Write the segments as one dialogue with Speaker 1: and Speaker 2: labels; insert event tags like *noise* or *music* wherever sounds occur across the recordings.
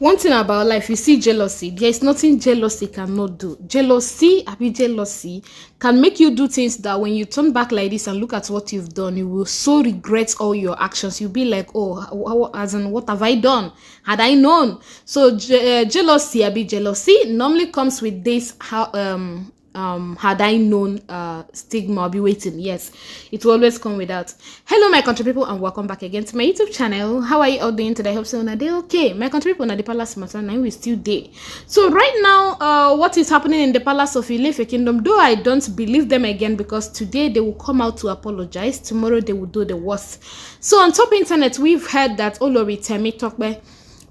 Speaker 1: one thing about life you see jealousy there is nothing jealousy cannot do jealousy abi jealousy can make you do things that when you turn back like this and look at what you've done you will so regret all your actions you'll be like oh as in what have i done had i known so je uh, jealousy abi jealousy normally comes with this how um um had i known uh stigma i'll be waiting yes it will always come without. hello my country people and welcome back again to my youtube channel how are you all doing today i hope so on a day okay my country people on the palace matter now we still day so right now uh what is happening in the palace of Ilefe kingdom though i don't believe them again because today they will come out to apologize tomorrow they will do the worst so on top internet we've heard that olori temi tokbe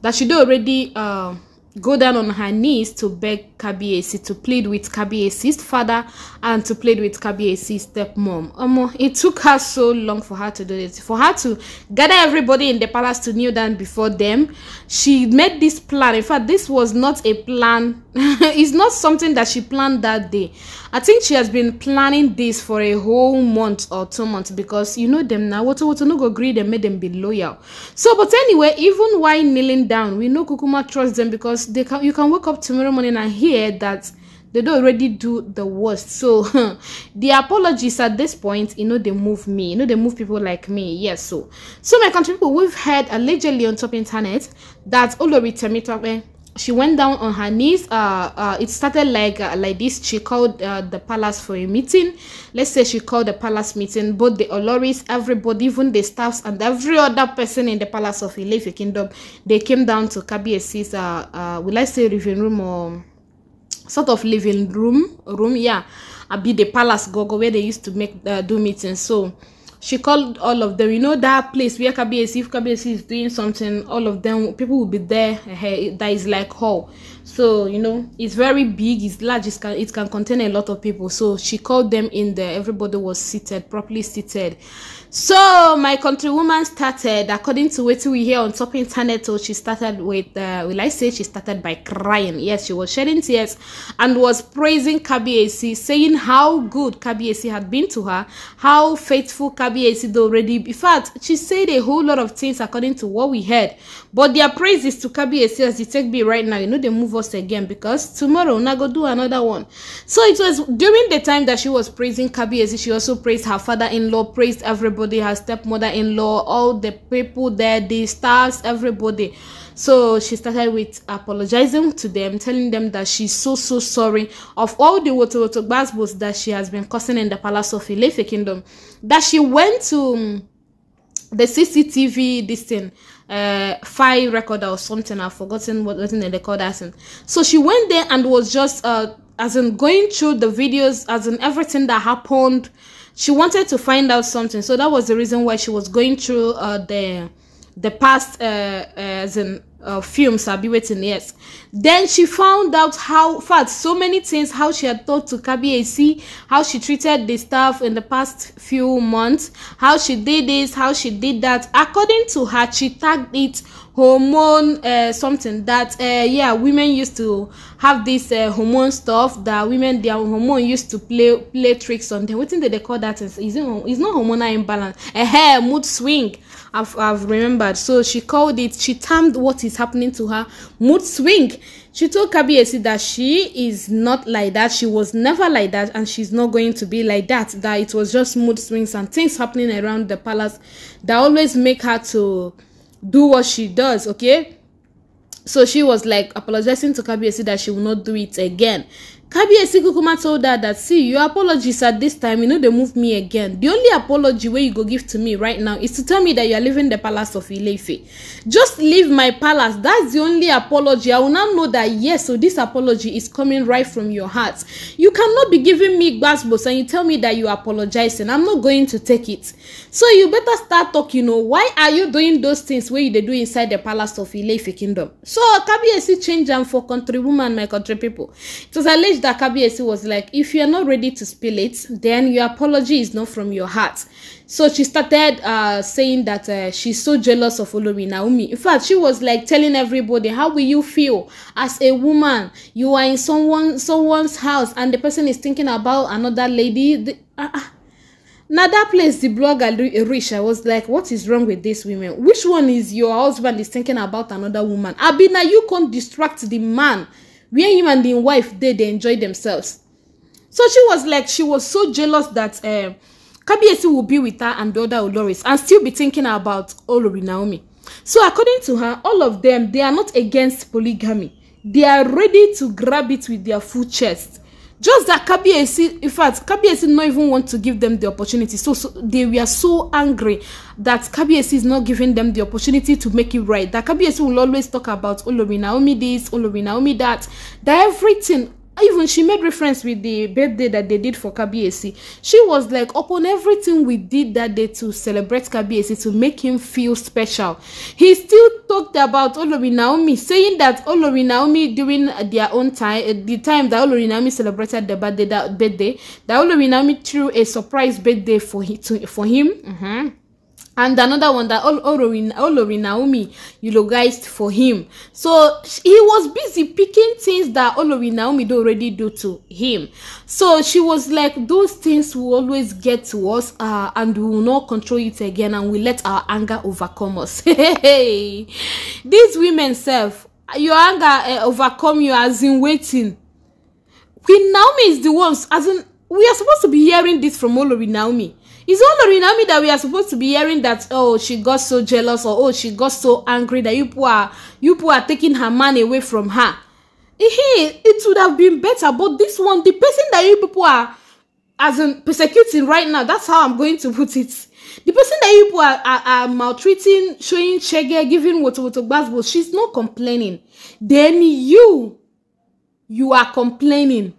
Speaker 1: that she do already uh, go down on her knees to beg Kabiesi, to plead with Kabiesi's father and to plead with Kabiesi's stepmom. Omo, it took her so long for her to do this. For her to gather everybody in the palace to kneel down before them, she made this plan. In fact, this was not a plan. *laughs* it's not something that she planned that day. I think she has been planning this for a whole month or two months because you know them now. What what no go agree them, made them be loyal. So, but anyway, even while kneeling down, we know Kukuma trusts them because they can you can wake up tomorrow morning and hear that they don't already do the worst so *laughs* the apologies at this point you know they move me you know they move people like me yes so so my country people we've heard allegedly on top internet that olori temitope she went down on her knees uh, uh, it started like uh, like this she called uh, the palace for a meeting let's say she called the palace meeting both the oloris everybody even the staffs and every other person in the palace of Ilefe kingdom they came down to kabiesi's uh uh will i say living room or sort of living room room yeah be the palace gogo where they used to make uh, do meetings so she called all of them. You know that place where KBSC, if KBSC is doing something, all of them people will be there. Hey, eh, eh, that is like hall. So you know it's very big, it's large, it can it can contain a lot of people. So she called them in there. Everybody was seated, properly seated. So my countrywoman started, according to what we hear on top internet, so she started with uh, will I say she started by crying. Yes, she was shedding tears and was praising KBAC, saying how good KBAC had been to her, how faithful KBAC Kabiesi though already. In fact, she said a whole lot of things according to what we heard. But their praises to Kabiesi as the take me right now, you know, they move us again because tomorrow na go do another one. So it was during the time that she was praising Kabiesi, she also praised her father-in-law, praised everybody, her stepmother-in-law, all the people there, the stars, everybody. So she started with apologizing to them, telling them that she's so so sorry of all the wotowoto basbos that she has been causing in the palace of Ilefe Kingdom. That she went to um, the CCTV this thing uh file recorder or something. I've forgotten what what the call that So she went there and was just uh as in going through the videos, as in everything that happened. She wanted to find out something, so that was the reason why she was going through uh, the the past, uh, uh as in uh, fumes sabi wetin yes then she found out how fact so many things how she had talked to kabiyesi how she treated the staff in the past few months how she did this how she did that according to her she tagged it hormone uh, something that uh, yeah women used to have this uh, hormone stuff that women their hormone used to play play tricks on them wetin dey dey call that is is it is not hormonal imbalance ehe mood swing i've i've remembered so she called it she termed what is happening to her mood swing she told kabiyesi that she is not like that she was never like that and she's not going to be like that that it was just mood swings and things happening around the palace that always make her to. do what she does, okay? So she was like apologizing to Kabiesi that she will not do it again. kabiyesi kukuma told her that see your apologies at this time you no dey move me again the only apology wey you go give to me right now is to tell me that you are leaving the palace of ileife just leave my palace that's the only apology i will now know that yes so this apology is coming right from your heart you cannot be giving me gbasgbos and you tell me that you are apologizing i'm not going to take it so you better start talking you know, why are you doing those things wey you dey do inside the palace of ileife kingdom so kabiyesi change am for country woman my country people it was alleged message that Kabiesi was like, if you're not ready to spill it, then your apology is not from your heart. So she started uh, saying that uh, she's so jealous of Olomi Naomi. In fact, she was like telling everybody, how will you feel as a woman? You are in someone someone's house and the person is thinking about another lady. The, uh, ah, ah. na that place the blogger reach i was like what is wrong with these women which one is your husband is thinking about another woman abi na you can't distract the man where him and him wife did they enjoy themselves so she was like she was so jealous that um kabiesi will be with her and the other oloris and still be thinking about olori naomi so according to her all of them they are not against polygamy they are ready to grab it with their full chest just that Kabiyesi in fact Kabiyesi not even want to give them the opportunity so, so they were so angry that Kabiyesi is not giving them the opportunity to make it right that Kabiyesi will always talk about Olori Naomi this Olori Naomi that that everything even she made reference with the birthday that they did for Kabiesi. She was like, upon everything we did that day to celebrate Kabiesi, to make him feel special. He still talked about Olori Naomi, saying that Olori Naomi during their own time, eh, the time that Olori Naomi celebrated the birthday, that birthday, that Olori Naomi threw a surprise birthday for, he, to, for him. Mm -hmm and another one that Olori, Olori Naomi eulogized for him. So he was busy picking things that Olori Naomi do already do to him. So she was like, those things will always get to us uh, and we will not control it again and we let our anger overcome us. *laughs* These women self, your anger uh, overcome you as in waiting. Queen Naomi is the ones, as in we are supposed to be hearing this from Olori Naomi. It's Olori Naomi that we are supposed to be hearing that oh she got so jealous or oh she got so angry that you people are you people are taking her man away from her. Hey, it would have been better, but this one, the person that you people are as in persecuting right now, that's how I'm going to put it. The person that you people are, are, are maltreating, showing chege, giving water water but she's not complaining. Then you, you are complaining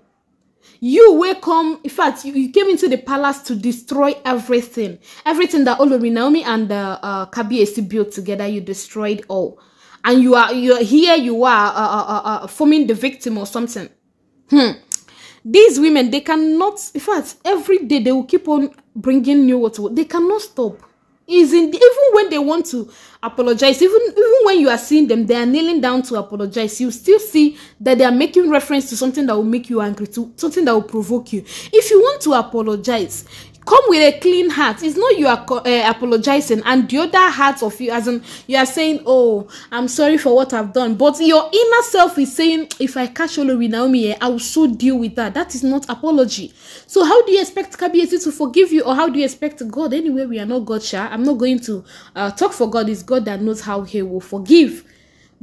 Speaker 1: you welcome. in fact you, you came into the palace to destroy everything everything that olori naomi and uh, uh, kabiyesi built together you destroyed all and you are you are here you are uh, uh, uh, uh forming the victim or something hmm these women they cannot in fact every day they will keep on bringing new water they cannot stop is in the, even when they want to apologize even even when you are seeing them they are kneeling down to apologize you still see that they are making reference to something that will make you angry to something that will provoke you if you want to apologize come with a clean heart it's not you are uh, apologizing and the other heart of you as in you are saying oh i'm sorry for what i've done but your inner self is saying if i catch olori naomi here i will so deal with that that is not apology so how do you expect kabiyesi to forgive you or how do you expect god anyway we are not god sha i'm not going to uh, talk for god it's god that knows how he will forgive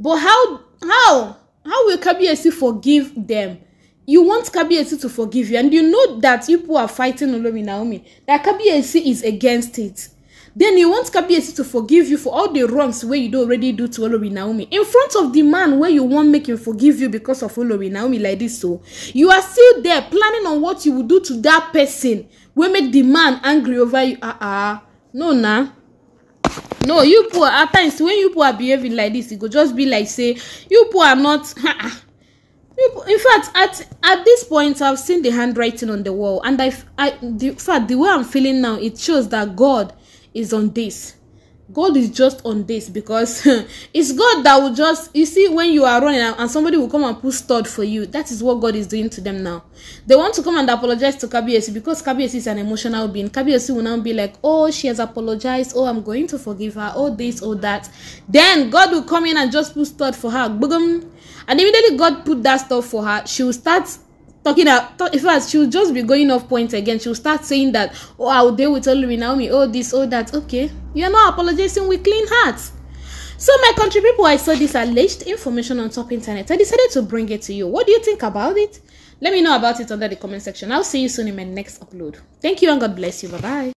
Speaker 1: but how how how will kabiyesi forgive them you want Kabiyesi to forgive you and you know that people are fighting Olomi Naomi that Kabiyesi is against it then you want Kabiyesi to forgive you for all the wrongs wey you don already do to Olomi Naomi in front of the man wey you wan make him forgive you because of Olomi Naomi like this so you are still there planning on what you will do to that person wey make the man angry over you ah uh ah -uh. no na no you poor at times when you poor behaving like this e go just be like say you poor not *laughs* in fact at at this point i've seen the handwriting on the wall and i i the in fact the way i'm feeling now it shows that god is on this God is just on this because *laughs* it's God that will just you see when you are running and, and somebody will come and put stud for you. That is what God is doing to them now. They want to come and apologize to Kabiyesi because Kabiyesi is an emotional being. Kabiyesi will now be like, "Oh, she has apologized. Oh, I'm going to forgive her. Oh, this, oh that." Then God will come in and just put stud for her. And immediately God put that stuff for her, she will start talking about talk, in fact she'll just be going off point again she'll start saying that oh i'll deal with olori naomi oh this oh that okay you're not apologizing with clean hearts so my country people i saw this alleged information on top internet i decided to bring it to you what do you think about it let me know about it under the comment section i'll see you soon in my next upload thank you and god bless you bye bye